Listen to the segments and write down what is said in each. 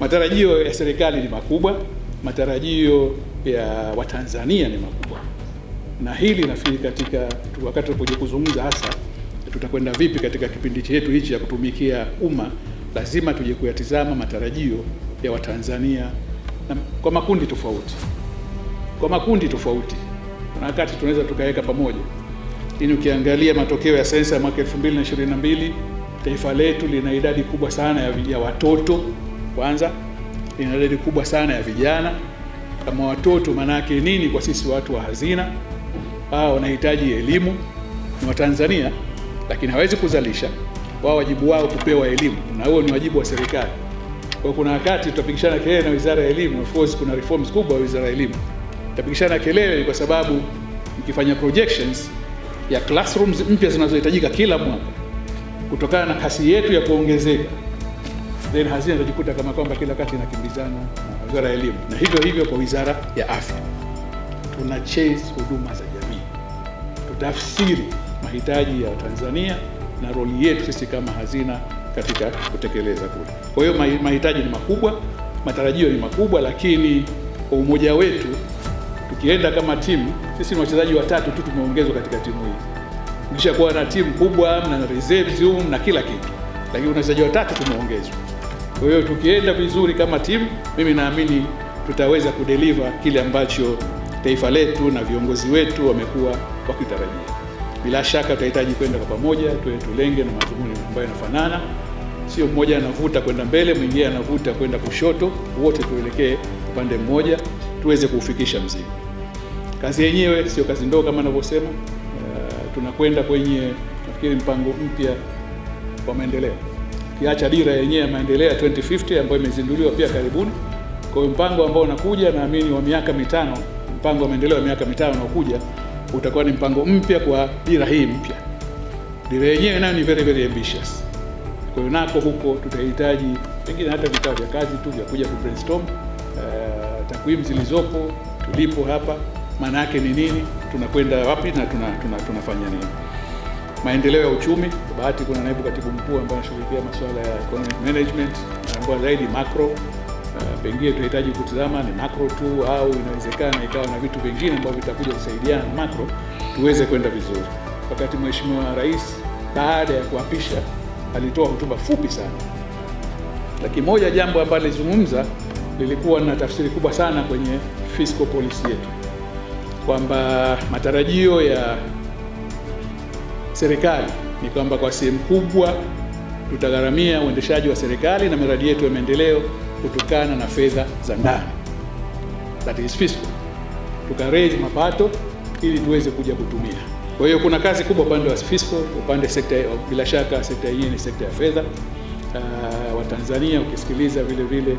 Matarajio ya serikali ni makubwa, matarajio ya Watanzania ni makubwa, na hili nafikiri katika wakati tunapokuja kuzungumza hasa tutakwenda vipi katika kipindi chetu hichi cha kutumikia umma, lazima tuje kuyatizama matarajio ya Watanzania na kwa makundi tofauti, kwa makundi tofauti, na wakati tunaweza tukaweka pamoja. Lakini ukiangalia matokeo ya sensa ya mwaka 2022 taifa letu lina idadi kubwa sana ya, ya watoto kwanza ina idadi kubwa sana ya vijana kama watoto. Maanake nini kwa sisi watu wa hazina? Hawa wanahitaji elimu, ni Watanzania lakini hawezi kuzalisha wao, wajibu wao kupewa elimu, na huo ni wajibu wa serikali. Kwa kuna wakati tutapigishana kelele na wizara ya elimu, of course kuna reforms kubwa ya wizara ya elimu, tutapigishana kelele kwa sababu mkifanya projections ya classrooms mpya zinazohitajika kila mwaka kutokana na kasi yetu ya kuongezeka then hazina itajikuta kama kwamba kila kati inakimbizana na wizara ya elimu, na hivyo hivyo kwa wizara ya afya. Tuna chase huduma za jamii, tutafsiri mahitaji ya Tanzania na roli yetu sisi kama hazina katika kutekeleza kule. Kwa hiyo mahitaji ni makubwa, matarajio ni makubwa, lakini kwa umoja wetu tukienda kama timu, sisi ni wachezaji watatu tu tumeongezwa katika timu hii. kuwa na timu kubwa, na reserves, na kila kitu, lakini wachezaji watatu tumeongezwa. Kwa hiyo tukienda vizuri kama timu, mimi naamini tutaweza kudeliver kile ambacho taifa letu na viongozi wetu wamekuwa wakitarajia. Bila shaka tutahitaji kwenda kwa pamoja, tuwe tulenge na madhumuni ambayo yanafanana, sio mmoja anavuta kwenda mbele, mwingine anavuta kwenda kushoto. Wote tuelekee upande mmoja, tuweze kuufikisha mzigo. Kazi yenyewe sio kazi ndogo kama anavyosema. Uh, tunakwenda kwenye nafikiri mpango mpya wa maendeleo ukiacha dira yenyewe ya maendeleo ya 2050 ambayo imezinduliwa pia karibuni. Kwa hiyo mpango ambao unakuja, naamini wa miaka mitano, mpango wa maendeleo ya miaka mitano unaokuja utakuwa ni mpango mpya kwa dira hii mpya. Dira yenyewe nayo ni very very ambitious. Kwa hiyo nako huko tutahitaji pengine hata vikao vya kazi tu vya kuja ku brainstorm uh, eh, takwimu zilizopo tulipo hapa maana yake ni nini, tunakwenda wapi na tuna, tuna, tunafanya nini maendeleo ya uchumi. Kwa bahati kuna naibu katibu mkuu ambaye anashughulikia masuala ya economic management anakuwa zaidi macro. Eh, pengine tunahitaji kutizama ni macro tu au inawezekana ikawa na vitu vingine ambavyo vitakuja kusaidiana na macro tuweze kwenda vizuri. Wakati Mheshimiwa Rais baada ya kuapisha alitoa hotuba fupi sana, lakini moja jambo ambalo alizungumza lilikuwa na tafsiri kubwa sana kwenye fiscal policy yetu kwamba matarajio ya serikali ni kwamba kwa sehemu kubwa tutagharamia uendeshaji wa serikali na miradi yetu ya maendeleo kutokana na fedha za ndani, that is fiscal, tukareji mapato ili tuweze kuja kutumia. Kwa hiyo kuna kazi kubwa upande wa fiscal, upande sekta. Bila shaka sekta hii ni sekta ya fedha. Uh, Watanzania ukisikiliza vile vile,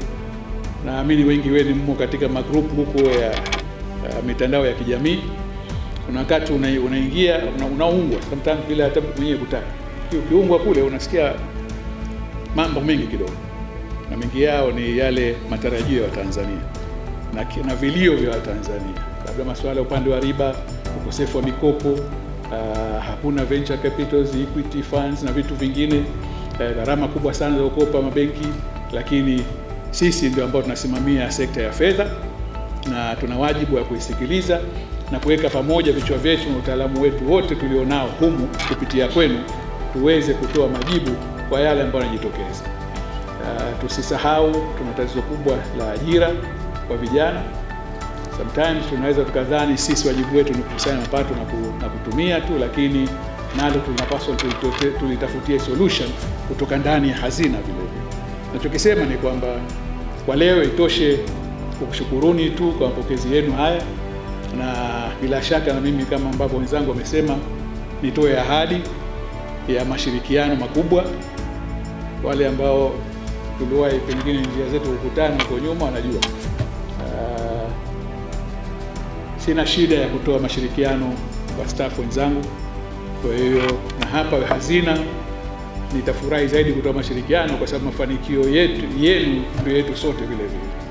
naamini wengi wenu mmo katika magrupu huko ya uh, mitandao ya kijamii kuna wakati unaingia una unaungwa sometimes bila hata mwenyewe kutaka. Ukiungwa kule unasikia mambo mengi kidogo, na mengi yao ni yale matarajio ya Watanzania na, na vilio vya Watanzania, labda masuala ya upande wa riba, ukosefu wa mikopo, uh, hakuna venture capitals, equity funds na vitu vingine, eh, gharama uh, kubwa sana za kukopa mabenki, lakini sisi ndio ambao tunasimamia sekta ya fedha na tuna wajibu wa kuisikiliza na kuweka pamoja vichwa vyetu na utaalamu wetu wote tulionao humu kupitia kwenu, tuweze kutoa majibu kwa yale ambayo yanajitokeza. Uh, tusisahau tuna tatizo kubwa la ajira kwa vijana. Sometimes tunaweza tukadhani sisi wajibu wetu ni kukusanya mapato na kutumia tu, lakini nalo tunapaswa tulitafutie solution kutoka ndani ya hazina. Vilevile nachokisema ni kwamba kwa leo itoshe kukushukuruni tu kwa mapokezi yenu haya na bila shaka na mimi kama ambavyo wenzangu wamesema, nitoe ahadi ya mashirikiano makubwa. Wale ambao tuliwahi pengine njia zetu kukutana huko nyuma wanajua uh, sina shida ya kutoa mashirikiano kwa staff wenzangu. Kwa hiyo na hapa hazina nitafurahi zaidi kutoa mashirikiano, kwa sababu mafanikio yetu yenu ndio yetu sote vile vile.